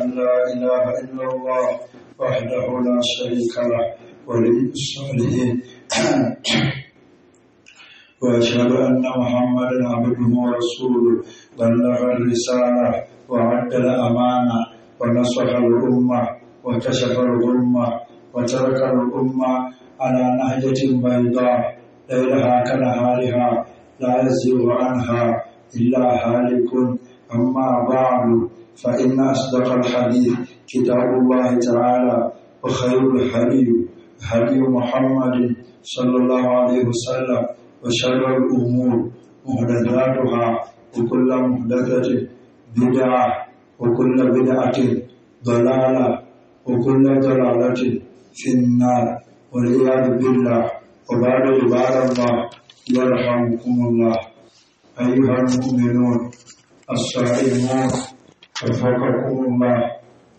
لا إله إلا الله وحده لا شريك له ولي الصالحين وأشهد أن محمدا عبده ورسوله بلغ الرسالة وعد الأمانة ونصح الأمة وكشف الغمة وترك الأمة على نهجة بيضاء ليلها كنهارها لا يزيغ عنها إلا هالك أما بعد فإن أصدق الحديث كتاب الله تعالى وخير الحديث حديث محمد صلى الله عليه وسلم وشر الأمور مهدداتها وكل مهدده بدعة وكل بدعة ضلالة وكل ضلالة في النار والعياذ بالله وبعد عباد الله يرحمكم الله أيها المؤمنون الصائمون وفقكم الله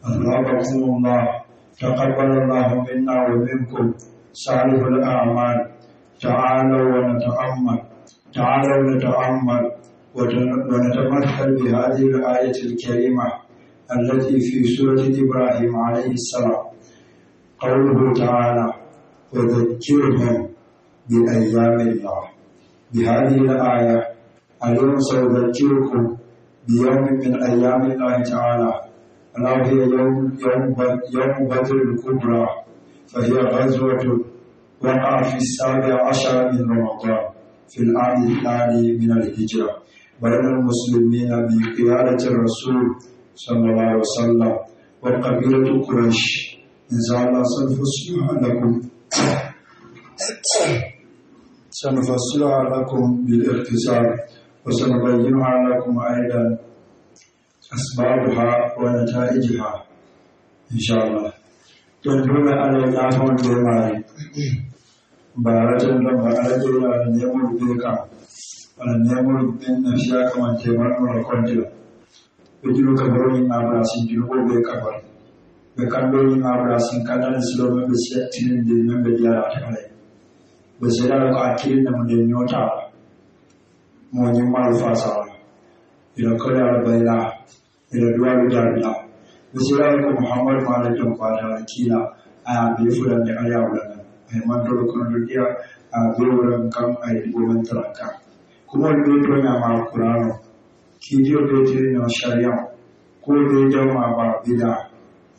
أثابكم الله تقبل الله منا ومنكم صالح الأعمال تعالوا ونتأمل تعالوا نتأمل ونتمثل بهذه الآية الكريمة التي في سورة إبراهيم عليه السلام قوله تعالى وذكرهم بأيام الله بهذه الآية اليوم سأذكركم بيوم من أيام الله تعالى ألا هي يوم يوم يوم بدر الكبرى فهي غزوة وقع في السابع عشر من رمضان في العام الثاني من الهجرة بين المسلمين بقيادة الرسول صلى الله عليه وسلم وقبيلة قريش إن سنفصلها لكم سنفصلها لكم بالاختصار وسنبينها لكم أيضا أسبابها ونتائجها إن شاء الله تدعونا على الأعمال بالمال بارة بارة الله أن يمر بك أن يمر بين نفسك وأن تمر وأن تمر ujuru kabarun yin abrasi juru ko bai kabar bai kallon yin abrasi kada na silo mai bisiyar tinin da yin mai jara ta mai bisiyar da ko akirin da mu da yin yota ba mɔnyi mɔlu fasa yɛrɛ kɔlɛ arabayi la yɛrɛ duwawu jaabi la bisimila yi ko muhammadu ma ale tɔn kɔ a da ci la a y'a bɛ fo la ni a y'a wula la a ye man dɔw kɔnɔ dɔ diya a bɛ wɛrɛ kam a ye dugu wɛrɛ kuma olu bɛ tɔn ɲa ma kuran k'i di o ti k'o bɛ jɔ ma ba bi da,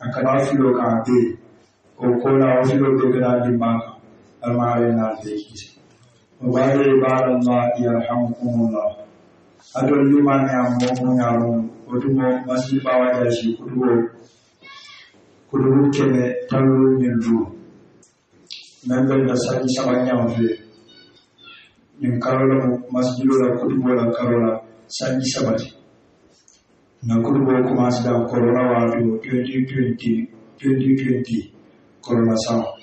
a ka filo k'a bɛ yen o ko la o filo bɛ ka. di ma kan alima n'a وبعد عباد الله يرحمكم الله adol liman ya mo ya mo odugo masi bawa ja shi kudugo kudugo kene talu min ru nan da da saki sabanya mo fe yin karola mo masjilo la kudugo la karola saki sabati na kudugo kuma sida corona wa do 2020 2020 corona sound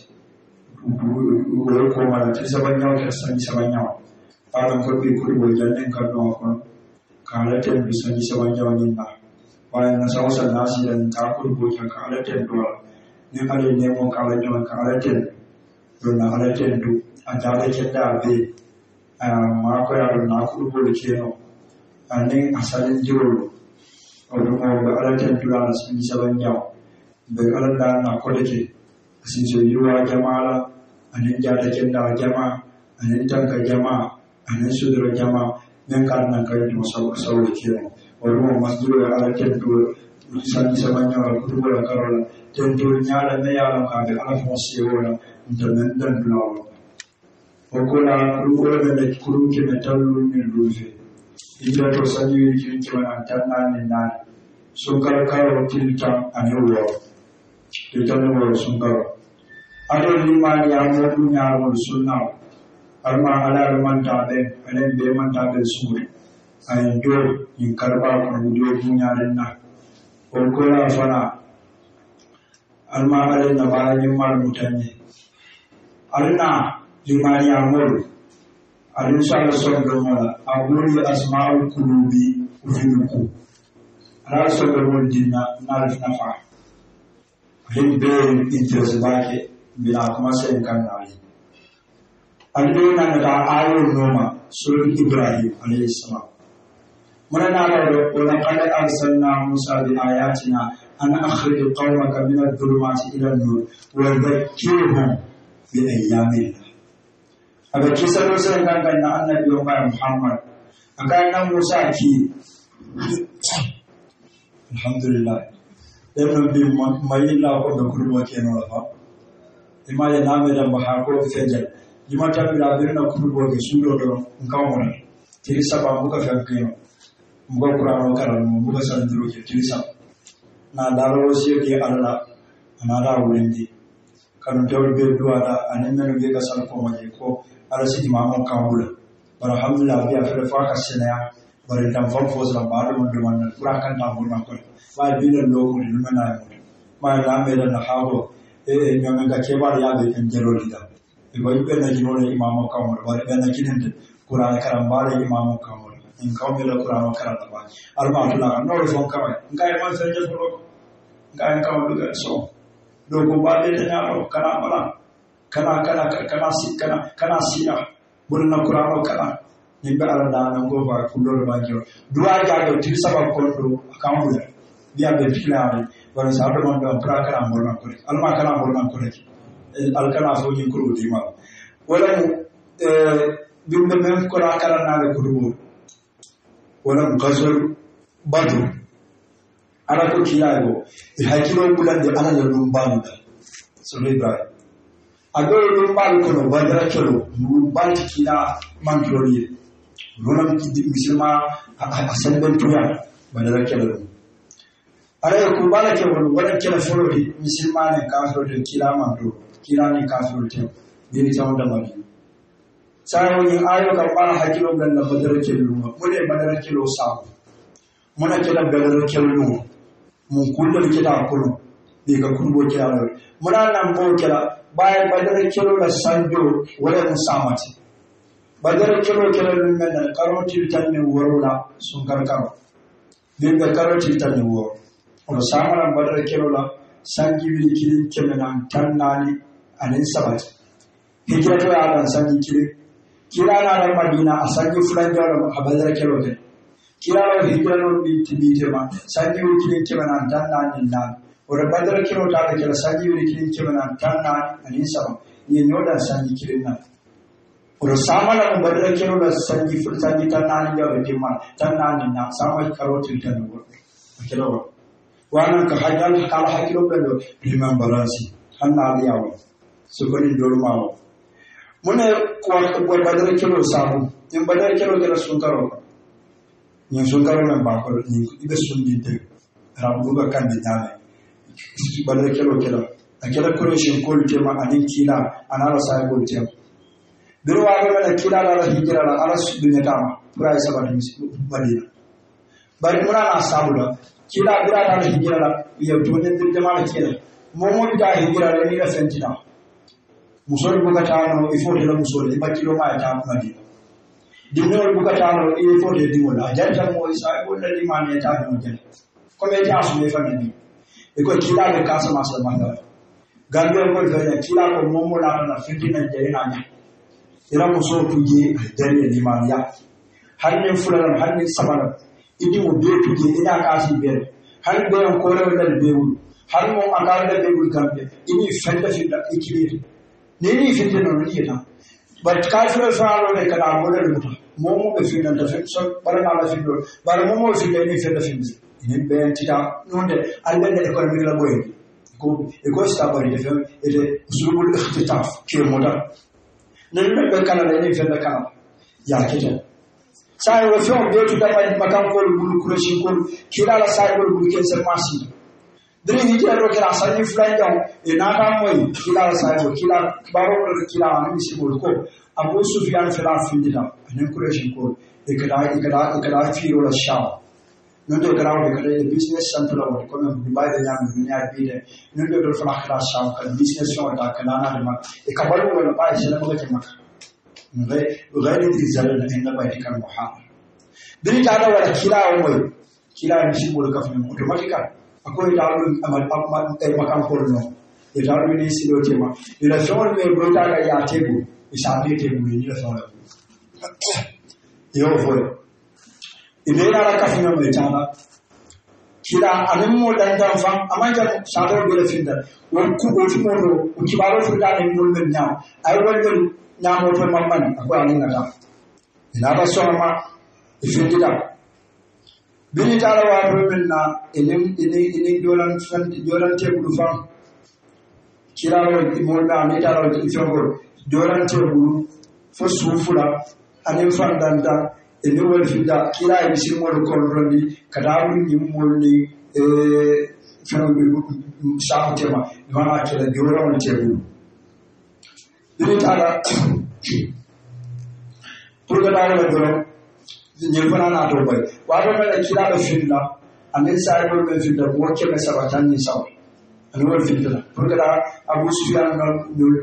ወደ ኮማ ተሰበኛው ከሰኝ ሰበኛው አለም ከቢ ኩድ ወይለንን ከነዋፈ ካለደን ቢሰኝ ሰበኛው ኒና ዋና ሰውሰ ናሲለን ታኩድ ቦታ ካለደን ዶላ ኔመሌ ኔሞ ካለደን ካለደን ዶና ካለደን ዱ አዳለ ጀዳ ቤ ማኮ ያሉ ናኩድ ቦልኬ ነው አኔ አሳልን ጅሮሎ ኦዶሞ በአለደን ዱላ ሰኝ ሰበኛው በቀለዳና ኮለኬ ሲሰዩዋ ጀማላ a nan da kendawa jama a nan tanka jama a nan sudura jama nan kai kari da sauran kenan wani masu dole ala kendo sani saman yawa ko wala karola kendo nyala na yawa ka bi ala fa si wala da nan dan lawa wakola kudu wala da kudu ke na tallu ne rufe ita to sani yi ki ki wala tan nan ne na sun karkaro tilta a ne wala ita ne wala sun karkaro adon limani ya zo duniya wani suna har ma halar manta da alen da ya manta da su ne a yanzu in karba kwan jo duniya din na kokola fana har ma alen da bayan yin mar mutane alina limani ya mulu alin sa da son ala na ke bila kuma shayin kan ali an nuna daga ayon noma sunan ibrahim alayhi salam muna na da wala kada arsalna musa bi ayatina an akhrij qawmaka min adh-dhulumati ila an-nur wa dhakkirhum bi ayyamillah aga kisa do sai kan kan annabi muhammad aga nan musa ki alhamdulillah dan nabi mai la ko da kurwa kenan fa bima ya name da mahakul fejal jima ta bila na kulu boge sulo ndo ngamon tiri saba kwa fankiyo muka kurano karan muka sandiro ke tiri saba na dalawo sio ke alala na da wendi kanu tawul be duwa da anin menu be kasal ko maje ko ala sidi mama kaula bara alhamdulillah bi afra fa ka senaya bara tan fa fo sa ba do do man kura kan ta bon na ko ba bi no lo ko ni mana ma na me na hawo e nganga kebar ya de kan jelo lida e bayu kan ji no imam ka mo ba ga na kin de qur'an karam ba le imam ka mo in ka mo la qur'an karam ba ar ma tula no ro son ka ba ngai ma san je so ngai ka mo ga so do ko ba le na ro kana mala kana kana kana si kana kana sina bunna qur'an kana yimɓe aladana gova kullol bagio duwajaɗo tiri saba kolɗo account mbiyaɓe filaɓe wala sa adama da pra kana murna kore alma kana murna kore alkana so yin kuru di ma wala dum da men ko rakara na da kuru wala gazal badu ala ko kiyago bi hakilo bulan da ala da dum ban da sunai ba ado dum ban ko no badra cholo dum ku bala ke wol wala ke folo di musilmane kafiro de kila mando kira ni kafiro te dini tawo da mari sayo ni ayo ka bala hakilo gan na madara ke luma mune madara ke lo sa muna kira da badar ke luma mun kullu kira da kullu de ka kungo kira ala muna nan bo kira, bayan madara ke lo la sanjo wani mun samati madara ke lo ke lo da karoti tan ne worola sun karkaro Dinda da karoti tan ne worola ono samala mbadara kelo la sanji wili kiri keme nan tan nani anin sabati hijira to ya dan sanji kiri kira na da madina a sanji fulan jalo a badara kelo ke kila la hijira no bi tibite ma sanji wili kiri keme nan tan nani nan ora badara kelo ta da kira sanji wili kiri keme nan tan nani anin sabati ni nyoda sanji kilin nan oɗo samala mo mbaɗira kelola sanji sanji tan nani jaɓe dimman tan nani na samay karotirtano goɗɗo kelowo wana ka haydan kala hakilo bendo liman balansi hanna aliyawo sokoni dolmawo mune ko boy badar kelo sabu yin badar kelo kelo sunkaro yin sunkaro men ba ko yin ibe sundi te rabu ga kan dinale badar kelo kelo akela kolo shin kolo tema anin kila anara sai kolo tema duru wa ga da kila la hijira la aras dunya tama pura isa badin madina bari mura na sabu da kila gira ta hijira la ya to ne din jama'a kenan momo ta hijira la ni la sentina musol buka ta no ifo de la musol ma ta ma di dinol buka ta no mo isa ko la di ta no jan ko me ta su ne fa e ko kila de kasa ma sa ma da gambia ko da kila ko momo la na fitina je na nya ila muso tuje jari ni ya har ne fulana har ne sabana idimo be pije ina kasi bere har ɓeyan korewɗal bewol har mo a kawɗal kan be ini da da da da da ikire ne ne ni ba ta mu mu mu mu fedda fiɗɗa e kiɓiri nini fidde noon yiyata bat kafiro faalode mu moɗel muta momoɓe fiɗanta ɓaranaala fiɗɗol bara momoɓe be ini fedda fiɗde inen ɓeyan tita da allende économique la boye ko e ko sta bari e stabaride fen ete usulubul ihtitaf kemota nen ɓe kala la ini fedda kala yaketen sahiro fɛnw bee tu dafa makankol bulu kurosinkol kila la sahiro bulu kensel masi diri yi jɛro kɛra a sanji fila in jaw e n'a ka mɔyi kila la sahiro kila baro kɔrɔ kila ani misi bolo ko a ko. sufiya ni fili la ani kurosinkol e kɛra e kɛra e kɛra fiiro la siyawa nonde kɛra o de kɛra business centre la wɔde kɔmi dubai de y'a minɛ y'a bi dɛ nonde o fana kɛra siyawa ka business fɛnw ta kɛra n'a ma e ka balo wɛrɛ ba ye sɛnɛ bɛ kɛ kan غير ذي زلل عند بيتك المحرم ذلك أنا ولا كلا أمي كلا نشيب لك في الموتوماتيكا أكون يتعلم أمال أمال مكان كله يتعلم ينسي له تيما إذا سمع من بروتا لا يعتبو يسامي تيمو يني سمع له يوفر إذا أنا كفنا ميتانا kila anin mo dan dan fam amma jan sadar gole finda won ku ko mo do ku kibaro furda ne mo men nya ay wal ഞാനോട്ട് മമ്മൻ അപ്പൊ അണിങ്ങല്ല ലാഭ സ്വർമ്മ ഇഫിന്തിട binitala wa rumin na ilim ini ini dolan san dolan te bulu fam kiralo ti molda ni talo ti fengol eh, dolan te bulu fo sufula anin fandanta ini wal fida kila yi si mol kolroni kada mu ni molni e fengol sa tema wana kila dolan te bulu taara purke daa la dɔrɔn nin fana n'a dɔw bɛ wa a dɔw bɛ kira bɛ fili la ani sari dɔw bɛ fili la mɔgɔ kɛmɛ saba tan ni saba ani wari fili la purke daa a b'u suya n'a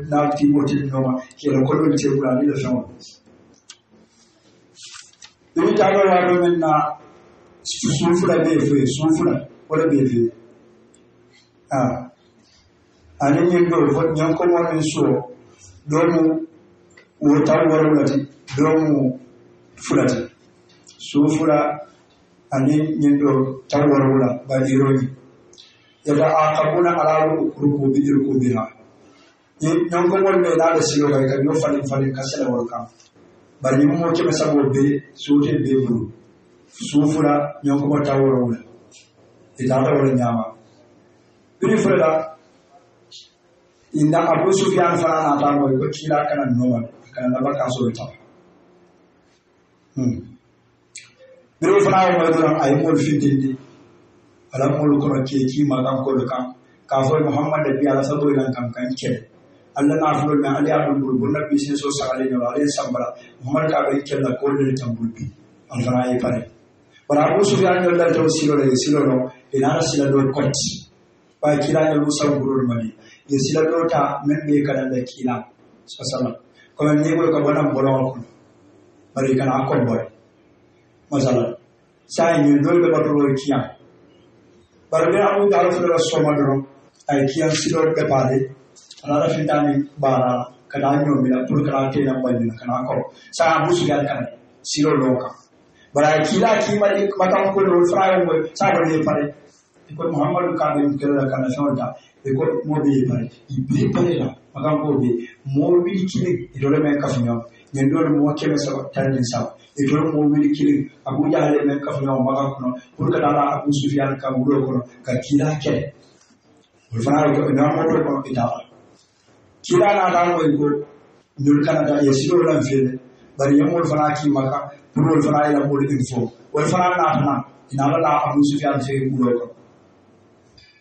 n'a ti bɔ ti ɲɔgɔn ma yɛlɛ kolo bɛ tɛ wula ani bɛ fɛn o i bɛ taa dɔw la dɔw bɛ na sun fila bɛ yen foyi sun fila o de bɛ yen foyi aa ani ɲɛ dɔw fɔ ɲɛ kɔngɔ ni so. doomu wo tan wololati doomu fulati suu fula aniŋ ñiŋ do tan worowula badiroñi yataaqabuna ala rukubi irkubiha ñonkogol me naa le silo kay kaño faliŋ faliŋ ka wol kaŋ bari ñiŋ moo keme saboo be suute be buru suu fula ñonkogo tan worowula itaata wo le ñaama bini inda abu fiya fana na ta goyi ko kila kana noma kana da baka so ta hmm fana wa diro ay mol fitindi ala mol alam ke ki ma ko muhammad da biya sabo ilan kan Allah ke alla na fo me ali abul bulbul nabi sai so sale ne wale sambara muhammad ka bai ke la ko ne tambulbi al fana yi. pare bara abu sufyan da ta silo da silo no ina sila do ko ba kila ne musa gurur mali jensila dɔw ta min bɛ kana lɛ k'i la sɔsɔlɔ kɔmi n'i ko ka bɔ na bɔlɔn kɔnɔ bari kana a kɔn bɔrɛ masala saa yi dɔw bɛ ka dɔrɔn kiya bari bɛ an bɛ taa fɛnɛ ka sɔma dɔrɔn a ye kiya si dɔ bɛɛ baale a n'a fin t'a ni baara ka n'a ɲɔ min na puruke kana kɛ na ba ɲina ka n'a kɔrɔ saa a b'u sigi a kan si dɔ dɔw kan bari a ye k'i la k'i ma di kumakan ko dɔw fara ye mɔ saa dɔ de ye fara because Muhammad kanda mkerera kana shonda because mobi ibare ibriparera magambobi mobi kili idole me kafunyo nyendole mo keme sa tande sa idole mobi kili abu jahale me kafunyo maga kono kurka dala abu sufyan ka kono ka kila ke ulfana ko na mo to ko ita kila na dal ko ko nyul kana da yesiro lan fele bari yamol fana ki maka purol fana ila mo info wal fana na na ina la abu sufyan se wuro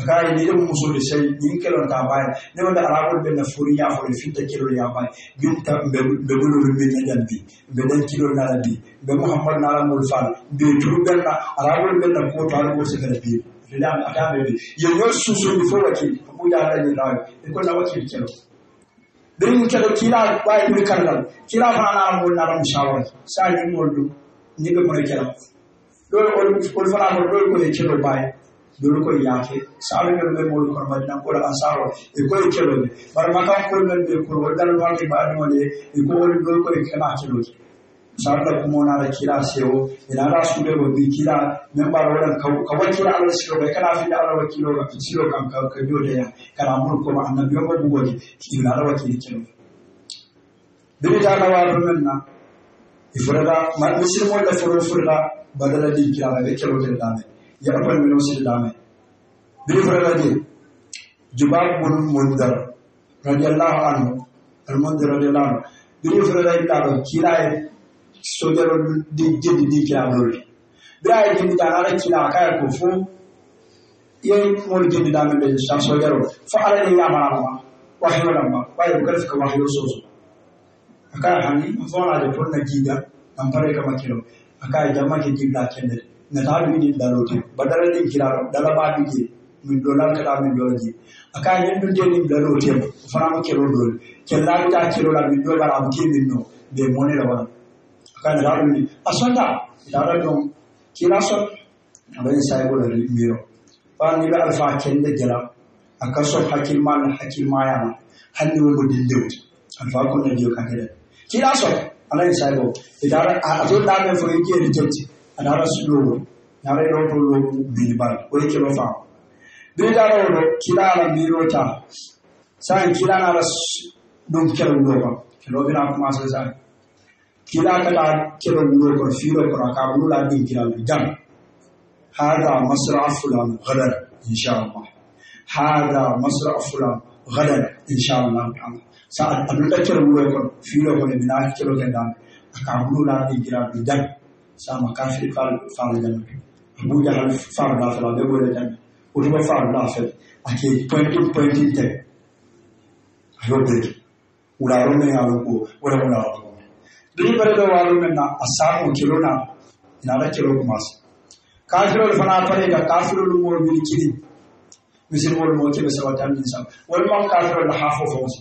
akari ni mu muso de sai ni kelon ta bay ne wanda arabul ben furi ya furi fitta kilo ya bay yum ta be bulu be ne dan bi be dan kilo na la bi be muhammad na la mul fal be turu ben na arabul ben na ko ta ko se kala bi rida ata be bi ye yo su su bi fo wati ko ya la ni la ko na wati kelo din kelo kila bay ni kala kila fa na mo na ram shawar sai ni mo du ni be mo kelo do ko ko fara mo do ko ne kelo bay glucoyake salugal ɓe ɓoyi kono wadde tan koɗa an saro e koye kelode bara makan kolgal ɓe ko woddal wake mbaɗinode e ko woni ɗo koye kema kelode sarda kumonara kila sewo enata suuɗe ko mbi kila men mbaɗa waɗan ka wakkila allah siro ɓe kana finde allah wakkiloga siro kam ka jodeya kana muru koma annabi o ɓogugode ina aɗa wakkili kelode birita kawaɗo men na e fotata misilmoɗe foro fotata badala ɗin kilala de kelode dame ya'mal min usul al-amal bi faradi jubab bin mundar radiyallahu anhu al-mundar radiyallahu anhu bi faradi ta kiraye sojaro de jedi di ke amori bi ay di ta ara kila ka ko fu ye mo jedi da me sha sojaro fa ala ni ya marama wa hiwalama wa yukalfika wa hiwusu aka hani mfona de ponna ngatalu idi dalote badara ni kiraro dala ma bije min dolal kala min dolji aka yen dun je ni dalote fana mo kero dol kella ta kero la min dolal am kibin no be moni la wana aka ngatalu ni asanta dara dom kila so abin sai go dari miro fa ni la alfa kende jala aka so hakil man hakil mayana hanni wo dindewt alfa ko ne jiyo kakede kila so ala sai go e dara a to da me fo yike ni joti adarasudolo yara ilontolo binibal oyi kelo fam bidaro do kila ala miro ta sai kila na ras dum kelo do ko kelo bina kuma sai sai kila ka ta kelo do ko firo ko ka bulu la din kila jam hada masra'u fulan ghadan insha Allah hada masra'u fulan غدا ان شاء الله تعالى ساعد ان تكلم ويكون في لغه من اكل وكذا اكعبوا لا يجرى بدم samma, kanske i fallen. Han borde ha famlat för det borde den. Och det var famlat för att på en tid, på en tid till. Han gjorde det. Och där rummen jag låg på, och det var där rummen. Blir det då var rummen att samma och kilona, innan det kilo kumas. Kanske då fan att det är kanske då mår vi kiri. Misir mår mår till så att han insan. Och man kanske då hafo fons.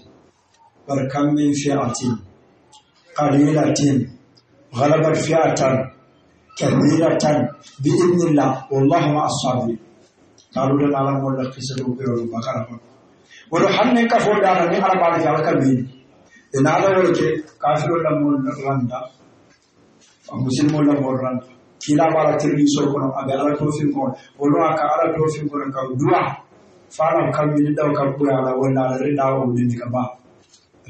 Var kan min fi atin. Qalila tin. غلبت فئة kebiratan biidnillah wallahu Allah, sabirin tarudan ala molla kisalu ke ro bakara ko wala hanne ka fo dara ni ala bali ala ka bi ina ala wala ke kafiru la molla randa muslim molla molla kila bala tirri so ko no abe ala to fi ko wala ka ala to fi ko ka duwa fara ka ada da ka ku ala ba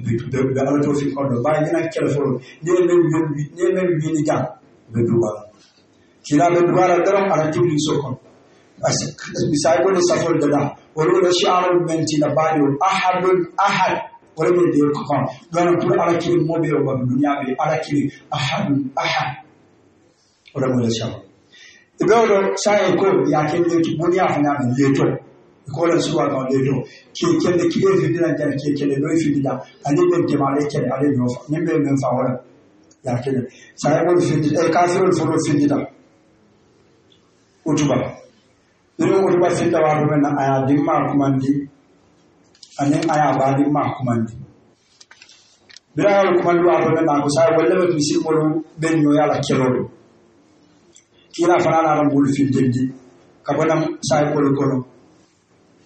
be ala to fi ko do ba ni na kele fo ni ne ne ni ne خلال الدوار درم على طول يسوكم بس بيسايبون يسافر دلا ولو الشعر البنت لبالي أحد أحد ولو يديركم دون طول على كل موبي وبمنيا بي على كل أحد أحد ولو الشعر ibẹ́ọ̀dọ̀ sáyẹn kó yàkẹ́lẹ́ tó ní àfihàn lẹ́tọ̀ kolan suwa ga wanda yau ke kyan da kiyar fidilan kyan ke kyan da bai fidila ale bai ke ma kyan ale bai ofa ne bai min fa wala ya kyan sai wani fidila kafirul furu fidila utuba irin utuba sai da wato na aya din ma ndi anin aya ba din ma kumandi birawal kumandu wato na ko sai walla ba misil mo ben yo ya la kelolo kira fana na ran bulu fil dendi ka bana sai kolo kolo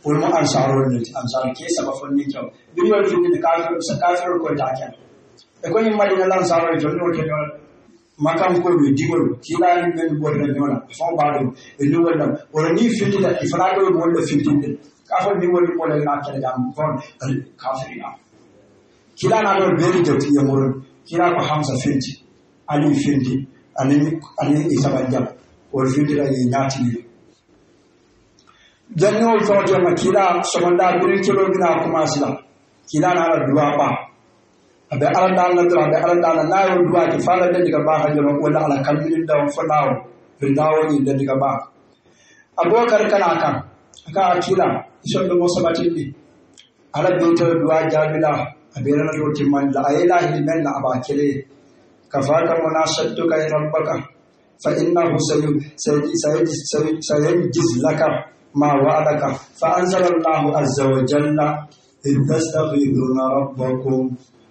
an ansaro ne ansar ke saba fanni kyau duniya fil dendi ka ka ko ta kyan e ko yin madina lan saro ne to ne makam ko be digol ki la ni ben bo na jona so do e ni wala wala ni fiti da fara do wala fiti de ka fa ni wala ko la ta jam kon al kafiri na la na do be de ti ya ki kila ko hamsa fiti ali fiti ali ali isa banjam o fiti la ni nyati ni dan ni wol ma ki kila so manda birin bi na kuma sila kila na do duwa ba aɓe alanɗalna dora aɓe alanɗalna nayon duwaji fala dendiga ba kanjoma walla ala kamminindaw fo nawo ɓe da dendiga ba aboubacar kana kan aka hakkila isonɓe mo saɓatinɗi ala beytewo duwa jaabila aɓenanato timmanila a yelahili menna aba kele kafaka munashattuka e rabbaka fa sayi sayi laka ma ka fa anzalallahu azza wa jalla إذ تستغيثون rabbakum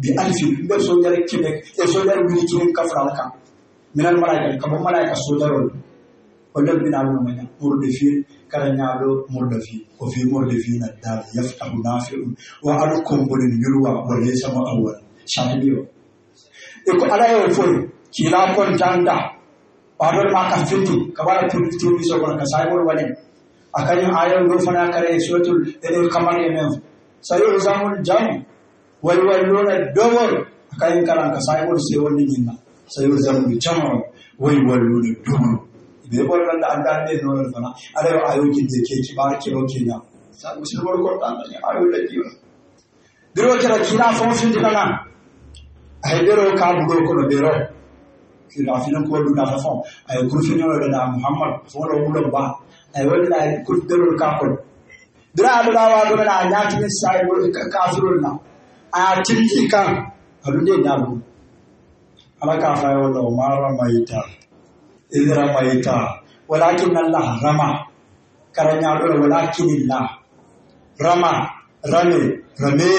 bi alifi n bɛ sojɛri kɛmɛ ɛ sojɛri wuli kelen ka fara kan minɛn mara ka bɔ mara yɛrɛ la o de bɛ na wuli mɛ mori de fi kala ɲa dɔ mori de fi o fi mori de fi na da ya fita ko n'a wa ala ko n ni yiri wa ye sama a wa sani bi wa e ko ala y'o fɔ ye k'i la kɔn tan ta wa dɔ ma ka fitu ka b'a la turu bi sɔrɔ ka sa yɔrɔ wale a ka ɲi a yɛrɛ n'o fana kɛra ye sojɛri kamalen mɛ sa yɔrɔ zamu jamu wal ni dubur kayin karanta sayur sai wani jinna wani zan bi chama wal walluna dubur be bol nan da anda ne no fana ala ayoki de ke ki bar ki roki na sa musulmor ko ta ne ayo da kiwa diro kira kira fon sun a ay diro ka bugo ko no kira a filin du na fa fon ay kurfin yo da muhammad fon lo bulo ba ay wallahi kurfin ka wa na ya sai kafirun na atirifika alunde nabu alaka fayo lo mara maita idra maita walakin allah rama karanya lo walakin allah rama rame rame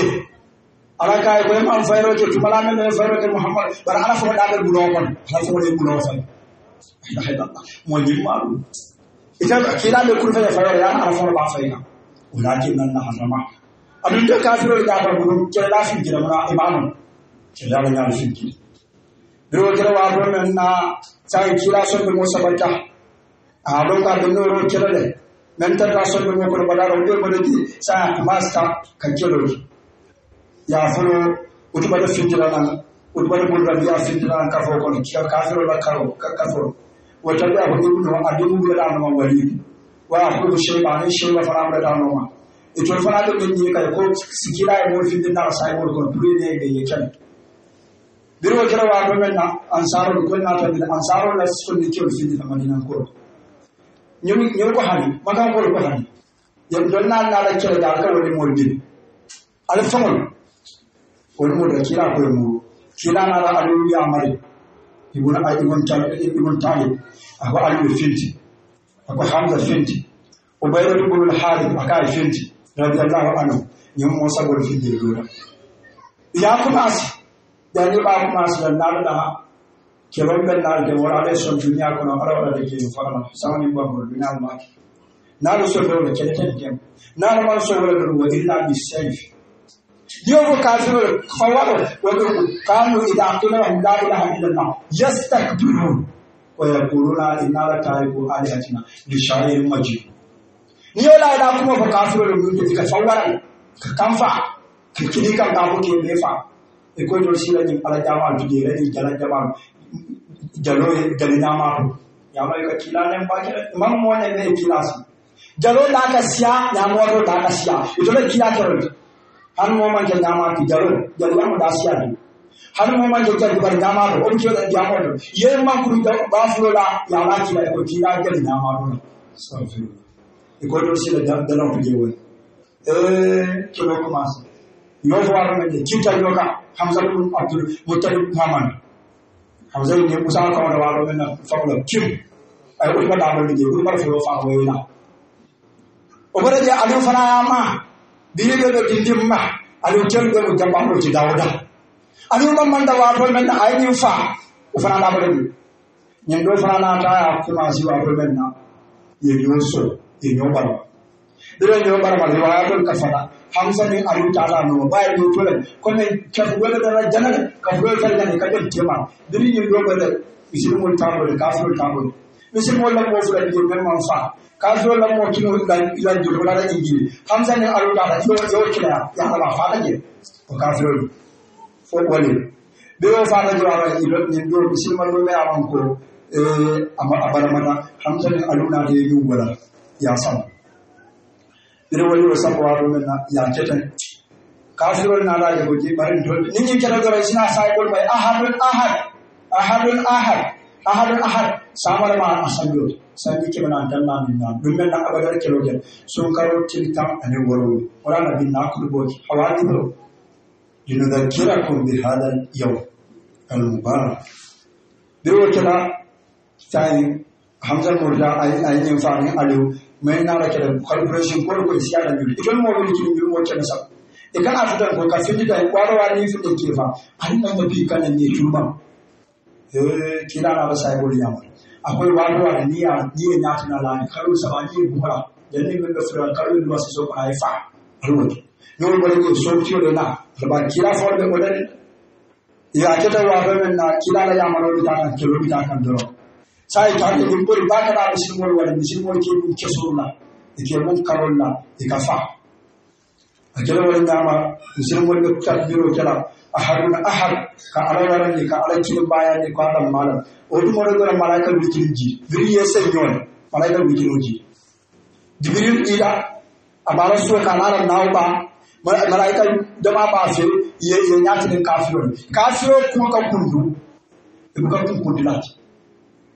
alaka ko man fayo to tumala men fayo to muhammad bar ala fo dagal bulo kon ala fo le bulo fa la mo ni maru ita kila le kun fayo fayo ya ala fo ba fayo walakin allah rama abinda kafirul kafir bunu kella fijira mura imamu kella banya fijira biro kira wa bonna na sai kira son mo sabata a don ka dun ro kira le nan ta da son mo ko bada ro de bada ji sa masta kan kiro ya fulo utuba da fijira nan utuba da bulra ya fijira nan kafo ko kira kafirul kafir ka kafo wata da abu ibnu adun ya da nan wali wa akhudhu shay'an shay'an faram da nan itol fana to ɗon ñi kai ko Sikila ya sikiraymol findinnaɗo saymol kon purine ye kene biro kira wato men na na da ansarol kon natandina ansarol la sonni kewol findina kuro. ñom ko Hali, magankol ko ko hani yam ɗon nannaala kele da ka woni mol bin ala faŋol woni moɗo kira koye muru kiranala aliyu yamari ibn ibn talib ako aliyu finti ako Hamza finti ubayda ibnul harith aka finti radiyallahu anhu ñoom moo sagoon fi jël loola yaa commencé jani ɓa commencé ɗo naaruɗa keɓon ɓen naarude wona aɗa son duniya kono aɗa waɗade jeni forma samani bamol duniyal maake naaru sollewle kene kene dem naaru man sollewle ɗon wo illa bi sayfi يوم كافر خوارو وقالوا كانوا إذا أقلهم لا إله إلا الله يستكبرون ويقولون إنا لتاركوا آلهتنا لشاعر مجنون ni wala ya kuma ba kafiro da mutu ka fawara ka kanfa ka kidi kan ka ko ke fa e ko do shi la ni ala jama du de ni jala jama jalo jali jama ko ya mai ka kila nan ba kila man mo ne ne kila su jalo la ka siya ya mo do ta ka siya ito e le kila ka ro han mo man jala jama ki jalo jalo mo da siya ni har mo man jota ko bari dama ko on joda dama do ye man ko ba fulo la ya ma ki ba e ko ki la ke dama do so e quello si dalla pijewan eh to lo commence yo war na de kita yo ka hamza ibn abdul muttalib haman hamza ne musa ka wa wa min faqla kim ay ko ba da de ko mar fo fa ko yina o bara je alu fana ma dire de dindim ma alu tan de jamba ko ci dawda alu man man da wa to men ay ni fa o fana da ba de ñen do fana na ta ko ma si wa ko men na ye yo so èèyàn wà lọ. Dẹ́rẹ́ èèyàn bára màlẹ́ wàá lórí kàfàdà, Hamza ni Aliyu ta ala nù, báyìí ni o tó lẹ̀, kọ́ni kẹfù wẹ́lẹ̀ dára jẹ́nà lẹ̀, kẹfù wẹ́lẹ̀ fẹ́lẹ̀ jẹ́nà kájẹ́ lè tẹ́ma, dẹ́rẹ́ yìí ló gbẹdẹ, ìṣirí mo tàn bọ̀lẹ̀ káfíò tàn bọ̀lẹ̀. Ìṣirí mo lọ́mọ fúlẹ̀ ní ìgbẹ́ máa ń fa, káfíò lọ́mọ kí ni ìlà jòló lára ìjì, Hamza ni Aliyu ta ala yóò kí la yà ala fa lajẹ, o káfíò lò, fo wọlé. Bẹ́ẹ̀ fa lajẹ ala ìlọ ní ìlọ ìṣirí mo lọ́mọ àwọn kò, ee a baramana Hamza ni Aliyu ta ala yóò यासन ತಿರುವಳ್ಳುವ ಯಾಚನೆ ಕಾಸುಗಳು ನಾರಾಜ ಗುಜ್ಜಿ ಮರಳು ನಿಂಗೆ ಕೆಲವರು ರಚನಾ ಸಾಯ್ಕೊಳ್ ಬೈ ಆಹಾರ ಆಹಾರ ಆಹಾರ ಆಹಾರ ಆಹಾರ ಆಹಾರ ಸಾಮರ ಸಂಯೋಜ ಸಂಗೀತ ಗಣ್ಣ ನಿನ್ನ ನಿಮ್ಮೆಲ್ಲ ಅವರ ಕೆಲವು ಸೋಂಕರು ಚಿಂತ ಅನೆ ಒರು ಹೊರ ನದಿ ನಾಲ್ಕು ಬೋಗಿ ಹವಾದಿಗಳು لنذكركم بهذا اليوم المبارك ديو كلا ثاني حمزة مرجع أي أي نفعني عليه maynara kelen calculation gol koye siyaɗa ñuli iton mowoni kini ñum woccene sappo e kana futan ko ka findita e ɓarowa ni fiɗe kefa ani nanga bi kana ni turma da ala saygol yamal akoye watowaɗa ni ni e ñatina laani kalo da ni e bumara janni min ɓe furan kalo nduwa siso kono aye faa alwoji ñowol ɓoleke softiyoɗe na aɗaɓa kila forɓe oɗen ya keta wato men na ta kan kan sai ta to ba ka ɓuri bakanaɗo silmol wani mi silmol ke ke kesurla da ke mum karolla e ka fa a kela waɗangama mi silmol ɓe a harin ahadun ahad ka ne ka ala kilin ne ko aɗan malam o ɗum oɗogona malaika wikilin ji wiriye señone malaika wikilo ji jibril ɗiɗa abara suwe ka laran nawɓa malaika dama ɓa fe ye ñatinen kafirone kafiro kuma ka kundu eɓe ka kun kundilati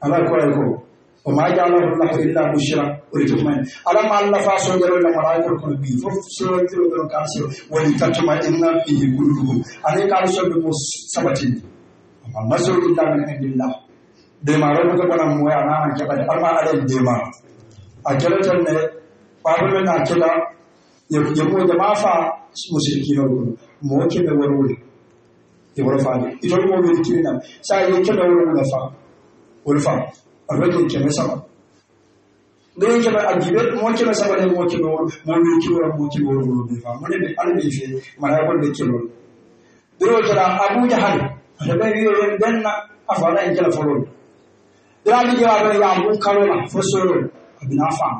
ala ko ay ko o ma jaala rabbullahi illa bushra wal tatma'in ala ma alla fa so jero la mara ko ko bi fof so jero do kan so wal tatma'inna bihi qulubuhum ala ka so be mo sabati amma nasru illa min indillah de ma ro ko bana mo ya na ke ba alma ala de ma a jero tan ne babu me na ke da ye mo jama fa mushrikina ko mo ke be woro ye woro fa ni to mo be kirina sa ye ke be woro fa والفم الرجل كم سبعة دين كم الجبل مو كم سبعة مو كم مو كم مو كم مو كم فم من بألبي في مراقب بكلون دين كلا أبو جهل ربنا يقول بيننا أفعل إن كلا فلول دين كلا يعمل كلونا فسرول أبنا فم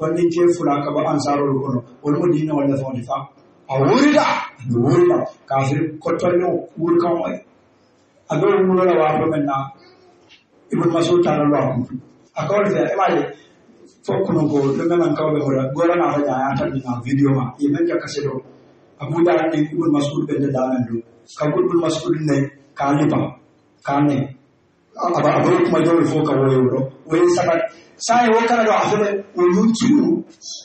فنين كيف فلا كبا أنصاره لكونه والمدينة ولا فم فم a wurida da wurida kafin kwatannin wurkan wai a don wurare wa abin na Ibn Mas'ud tare Allah a kawar da ya mali fokun ko don nan kawai hura gora na raja ya tar da video ma ya nan ka kashe do Abu Dar ne Ibn Mas'ud da da nan do ka Ibn Mas'ud ne ka ne ba ka ne aba abu kuma dole fo ka wayo do wayin sabat sai wo kana da afle wo yutu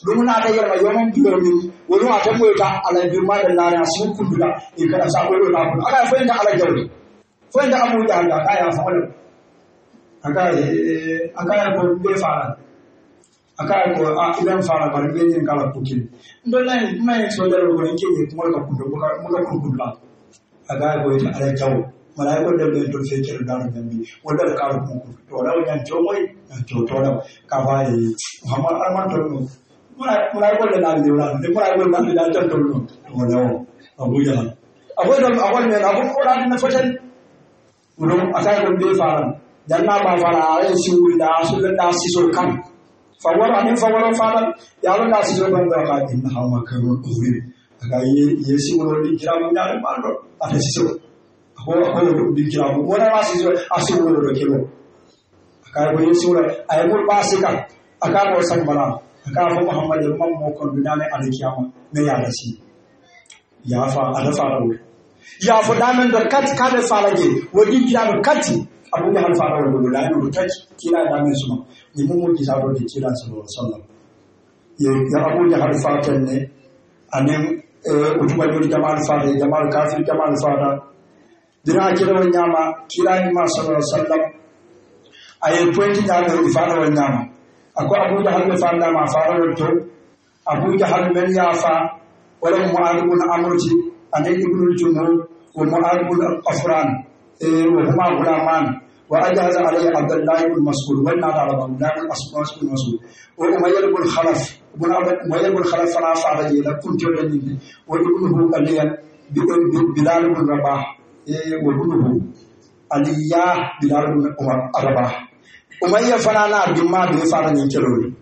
don na da yarma yaman biyar min wani wa ta koyo ta ala bi ma da lara sun kudura in kana sa koyo na ku ala fa inda ala jawri fa inda Abu Dar da ya fa wannan akaye ko be fara akaye ko a idan fara bari be nyin kala putin ndo lai kuma yin so daro ko yake ne kuma ka kundo ka muka kun kula akaye ko ita ala tawo malai ko dabbe to sai kira daro dambi wanda ka kun to da wannan to mai to to da ka fa yi amma amma to no malai ko da na ji wala ne malai ko da na ji to no to da abuja abuja abuja ne abuja ko da na fatan wurin asarin be fara janna ba fara ya si wuri da su da da si so kan fawar anin fawar fara ya lo da si so ban da ka din ha ma kan ko wuri daga ye ye si wuri kira mun ya ba do a ta si so ko ko do di kira mun wala ba si so a ah, si wuri do kiro aka ko ye si wuri ay mul ba si kan aka ko san bala aka fa muhammad man mo ko dunale alkiyama ne ya rasi ya fa ada fa ya fo damen do kat kade fa lagi wodi kira kat 하루에 한 사람을 보고 라인으로 지나가면서 이몸을 기사로 지나서 설라. 예, 여러분이 할 사람네 아니 우주관리 자말 사람 자말 가실 자말 사람 dina kira wa nyama kira ni ma sallallahu alaihi wasallam aye pointi da da ifara wa nyama ako abu da halu fa da ma fara wa to abu da halu men ya fa wala mu'adun amruji anay ibnu jumu wa mu'adun afran وهما غلامان وأجهز عليه عبد الله بن مسعود والنار على عبد الله بن مسعود وأمية بن خلف بن أمية بن خلف رافع رجلا كنت ولدني وابنه علي بلال بن رباح وابنه علي بلال بن رباح أمية فنانا بما بفعل ينكرون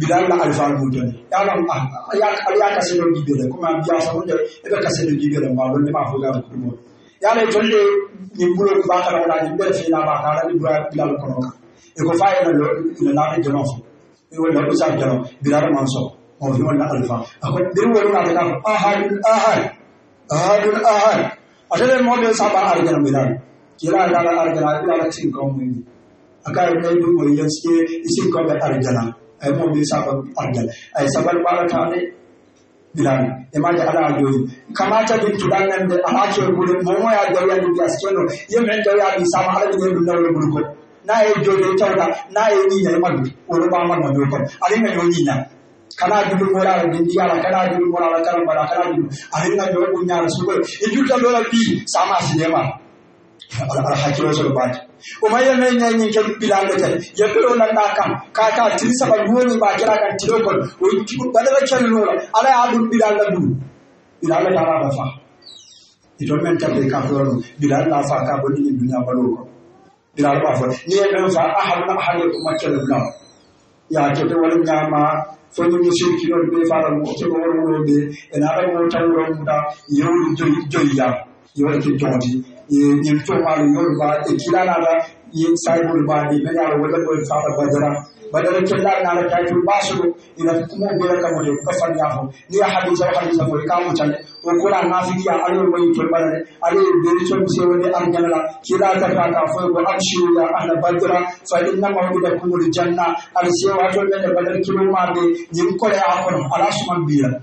bilal la alifa mutane ya la ah ya ya kasino dibele kuma biya sa mutane ebe kasino dibele ma wonde ma fuga ko yala jolle ni bulo ba ka wala ni be fi la ba ka ra ni bura bila ko no e ko faye no no na ni jono fo e wala ko sa jono bila ra man so o fi wala alfa ako dir wala na ta ahad ahad ahad ahad ajale mo de sa ba ar jono bila kira ala ala ar jono bila la tin ko mo ni aka ne du mo yes ke isin ko ba ay mo de sa ba ay sabal ba ta bilan e maje ala ajoyi kamata de tudangande ala cewol gure momo ya jawi andi mbiya sikeno yemen jawi adi sama ala ɓe ɗeɗum nawol gure kon na e jode tawda na e ñiña e maggu wono ɓamanna ɗo kon alamen o ñiña kana dudu morala dindi ala kana dudu morala kala bara kana dudu alamen ajo ɗum ñara sukoy e jutta ɗola bi sama sinema ala hakkilo sol baati o ma yel men nyanyi ke bilanga te ye ko na ka kam ka ka tiri sa ba ngoni ba kira kan tiro ko o ki ko badala chen no ala ya du bilanga du bilanga ta ba fa ito men ta be ka ko no bilanga fa ka bo ni dunya ba lo ko bilanga ba fa ni ye men fa ahad na ahad ko ma chen no ya ke to wala nyama fo ni musiki no be fa ra mo to wala mo be en ara mo tan ro mu da yewu joyi joyi ya yɔrɔ ti tɔn di yen yen tɔn ba ekila na la yen sayi bolo ba yen bɛn yàrá wɛlɛ dɔ badara badara kɛlɛ na la k'a to ba sɔrɔ yen kuma bɛɛ ka wele u ka faamu y'a fɔ n'i y'a hakili sɔrɔ hakili sɔrɔ i k'a mun ca ko la n'a fili yan ale y'o wɛlɛ tɔn ba la an gɛlɛ la k'i la ta k'a k'a fɔ ko an ya an na badara fa ni na ma wuli ka kunkolo jan na ali se wa tɔn badara kilo maa bɛ yen y'a kɔnɔ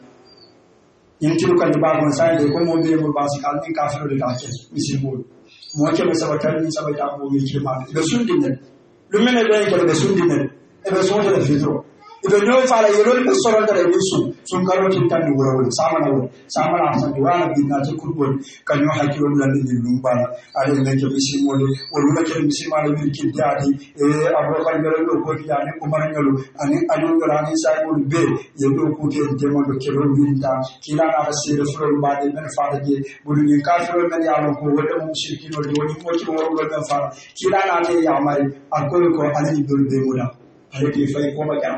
intiruka libagon sai ko mo be mo basi kan ni kafiro de dake misimbo mo ke be sabata ni sabata mo mi ke ma be sundi ne lumene be ko be sundi ne e be so de fitro e be no fala yelo be soro de be su sunkaroo cittanni wuro woni samana wuro samana hasandi wala binnato kurɓol kañum hakkilo ɗulandi ndin lumbana aɗa nake misimol wol wulakele misimala wir kidde adi e eh, aboubacar ñolol ɗo gotiɗa anin umar ñolo anin aliou ñolo anin saymolu be ye ɗo kuuke en demoɗo kelol wirinta kilanaka seere fulol mbaɗe men fata je ɓoɗumin kafirol men yalon ko woɗɗe mum sirkinolde woni moccimo worgol men fata kilanake yamari akkoy ko alani dol be muɗa alake fay e koma jam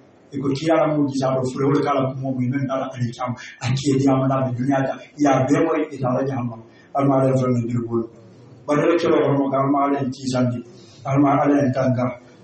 ikuti yala mungi zabo furewole kala kumo mwime ndala kalitamu akiyedi amala me dunia da ya bemo itala jamba almala furewole ndirbolo badala kero hono kalmala ntisandi almala ntanga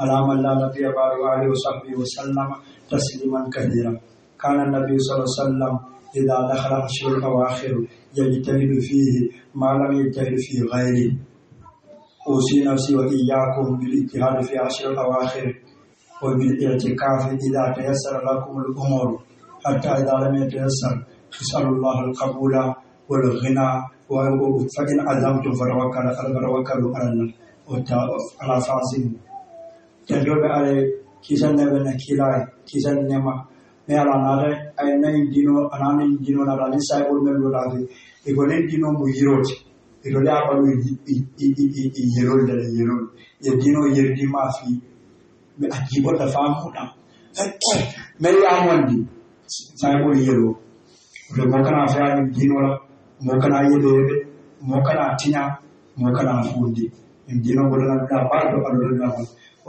على من لا نبي بعد وصحبه وسلم تسليما كثيرا كان النبي صلى الله عليه وسلم إذا دخل عشر الأواخر يجتهد فيه ما لم يجتهد فيه غيره أوصي نفسي وإياكم بالاجتهاد في عشر الأواخر وبالاعتكاف إذا تيسر لكم الأمور حتى إذا لم يتيسر اسألوا الله القبول والغنى فإن عزمتم فتوكلوا على الله على فاصل Därför är kisan även kilai, kisan nema. Med alla nare, en ny dino, en annan dino, när han säger om det låter det. Det går en dino mujirot. Det går det att man i jirol eller jirol. Det dino jirdi mafi. Men att jibot är fan hona. Men jag använder det. Säger om jirol. För man kan ha färg dino, man kan ha jirol, man kan ha tina, man kan ha fundi. Dino går det att man bara kan ha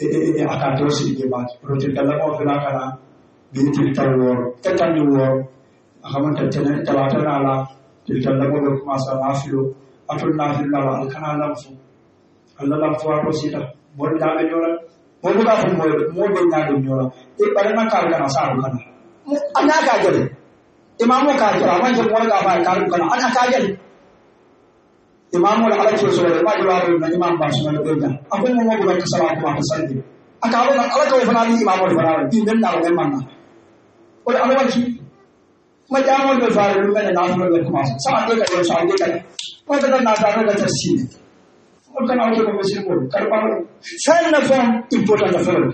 e akan terus sigi baati projet dalla ko fina kala bi til tal wor te tan ni wor akamanta tene talata nala til dalla ko kuma sa nafilo atul nafil la al kana lamfu alla lamfu ato sita boleh da be boleh bon da fu mo mo de na de nyora e bare na kar kana sa kana anya ka gele imamu ka kira man je mo imamul alaji so re ba jwa na imam ba so na da akwai mun gobe ka sala kuma ka sani aka ba na alaka wa fara imamul fara din nan da wannan manna ko da amma shi majamul da fara din nan na so da kuma sa da ka so da ka ko da na da da tafsiri ko da na da mushi ko karban sai na fam important da fara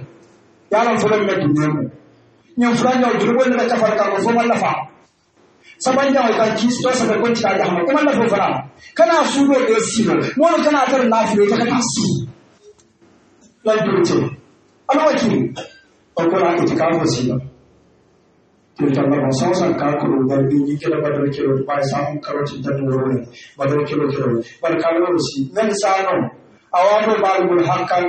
yaran fara na duniya mu nyan fara da duniya da ka fara ka so wallafa saban da wata ki so sa da kwanci da hama kuma na fofara kana su go da si no wani kana tar lafiya ta kana si lai do ce alwaki ko kana ka tika ko si ba to ta ba so sa ka ko da bi ni kira ba da kira ba sa mun karo ci da nuru ne ba da kira kira ba ka ro si nan sa no awabu ba gul hakkan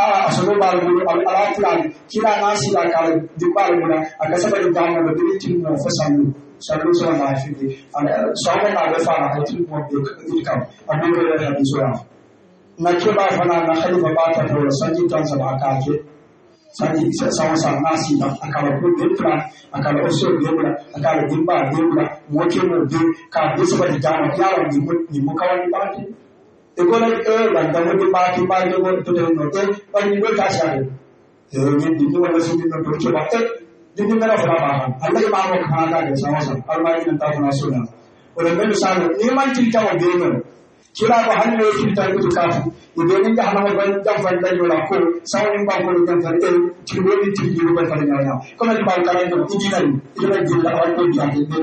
a asobo balbulu alati al kila nasi la kala di balbula akasaba di dama badiri tinno fasamu solution na fide and sɔmi na bɛ fa na ka tiri mɔdi tiri kam a bɛ wele ka bi sɔrɔ na ke b'a fana na hali ba b'a ta fɔlɔ sanji tan saba a k'a kɛ sanji san o san n'a si la a k'a la ko den fila a k'a la ko so den fila a k'a la den ba den fila mɔ ke mɔ den k'a den saba di d'a ma yala nin mo nin mo kawa nin b'a kɛ ekɔli ee lantamu de b'a kɛ b'a kɛ ko to de nɔ tɛ wali n'i bɛ k'a sari ee ni nin ni wala sini na dɔrɔn cɛ b'a tɛ duk mun fara ba Allah ya ba mu kana da sawasa almari nan ta fara sunna wannan da misali iman tin ta wa dinin kira ba hanne tin ta ku ta fu idan din da hanan ban dan fan dan yola ko sawin eh, ba ko dan fan eh ki wani tin ki ban fan ya ya kuma ba ka ran da injinan idan ji da wani ko ta ke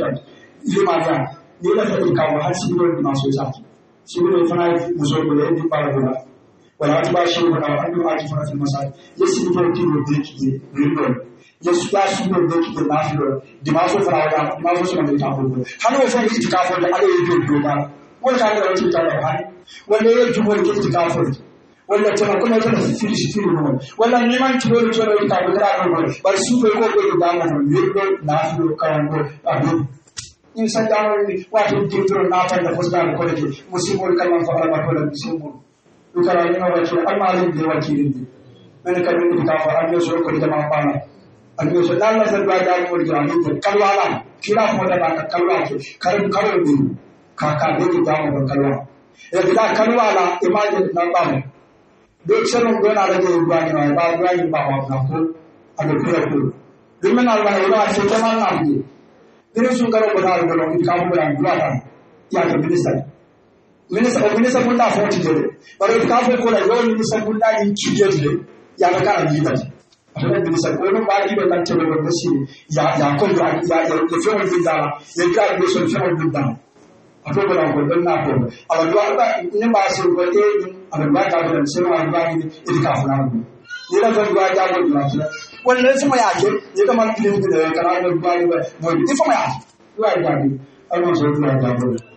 da yesukwasiwo do dimanche do dimanche fana o dan dimanche sɔrɔ de t'an bolo hali o fɛn k'i ti k'a fɔ de ala y'e don don kan wali k'a yɛrɛ t'i ta la hali wali e ju wali k'i ti k'a fɔ de wali tɛmɛ komi e tɛmɛ fili fili ninnu wali n'i ma tugu olu tɔɔrɔ k'a bɛ k'a bɛ wali bari su bɛ k'o bɛ don k'a kɔnɔ u ye bɛ nafi do kalan ko a bɛ insan caman bɛ waati den dɔrɔn n'a ta nafa sɔrɔ a bɛ kɔlɔsi muso b'o kalan fɔ ala ma kɔlɔsi muso b'o u taara ɲɛna waati hali n'ale den waati de mɛ ne ka min k'a fɔ an bɛ sɔrɔ to caman banna alboshi lalla san ba da mu da mu da kalwala kira ko da ba kalwa to karin karin ne kaka da ke damu da kalwa ya da kalwala imajin na ba mu duk sanin gona da ke ruwa ne ba ruwa ne ba wa ko a da kira ko dimin Allah ya ba sai ta manna ne irin sun karo ko da ruwa ko ka mu da ruwa ta ya ta minista minista ko minista kun da fa ti jere bare ka fa ko da yau minista kun da ni ki jere ya ka ka ni ba When nobody will come to the sea, Yakov, the film will be down. The graduation film will be down. A program will be down. Our brother, Nimbas will be aiding, and the brother will say, I'm going to the Kafan. You don't go out with Latina. When there's my action, you don't want to live with the Kanaka. If I'm out, you are going. I want to go out.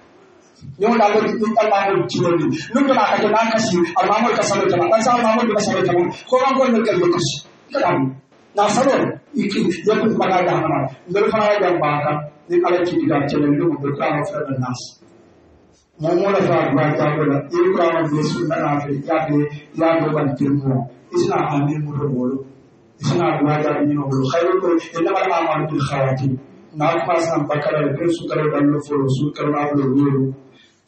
yau da gudu in kan mamu ciwo ne nun da ka na kashi amma mu ka sanar ta kan sa mamu da sanar ta ko ran ko nan kan ya kashi karam na sanar iki ya ku fara da hana zai fara da baka ni kala ki da ce ne mu da ka mu fara nas mu mu da fara ba ta ko da in ka da su na afirka ne ya ga ban kirmo isna amin mu da bolo isna ruwa ne ni mu khairu inna al amalu bil khawatim na san bakara da su kare ballo foro su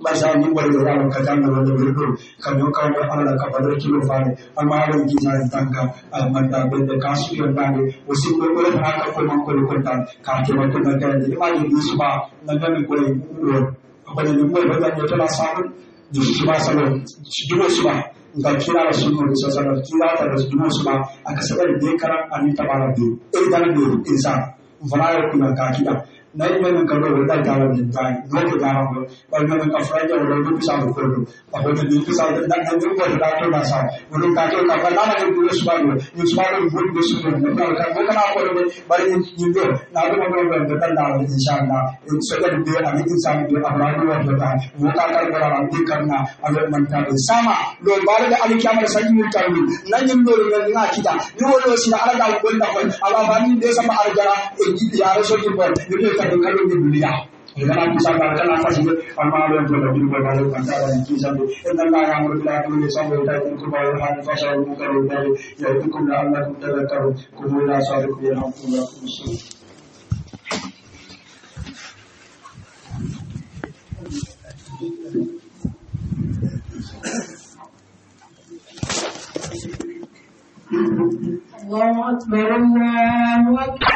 masani walwala wa ka wa lulu kanu kanu ala kapadre kilo fare amara ikizari tanga manda bende kasu yondange usiku kule haka kuma kule kuntan ko wa kuma tende imani nisba nagani kule ulo abane ni mwe bada nyotola sabu jishuba salo ba suba ka kira rasulullah sallallahu alaihi wasallam kira ta rasulullah suba akasabar dekara anita bara de idan de insan fara kuma kakida नहीं मैं मैं करो बेटा जाओ जाए दो के जाओ पर मैं मैं कफरा जो रोड के साथ कर दो और वो जो के साथ ना ना जो को डॉक्टर ना सा वो लोग का का पता ना जो पुलिस वाले पुलिस वाले गुड पुलिस को ना का वो ना को बड़े ये जो ना तो मैं बेटा डाल इंशाल्लाह इन सदर दे अभी के साथ जो अपराध हुआ होता है वो का कर बड़ा अंति करना अगर मन का सामा लोग बारे में अभी क्या मैं सही नहीं कर ना जिन लोग ना किता ये वो लोग सिला अलग अलग बोलता है अब अब हम दे सब आ गया एक यार सो की पर ये sehingga itu beliau dengan aku sabarkan apa sih amal yang berlaku di mana lu antara itu satu tentang yang berbeda itu sampai dari itu kalau hal fasal muka dari yaitu kumla Allah kita tahu kumla sari kumla kumla الله الله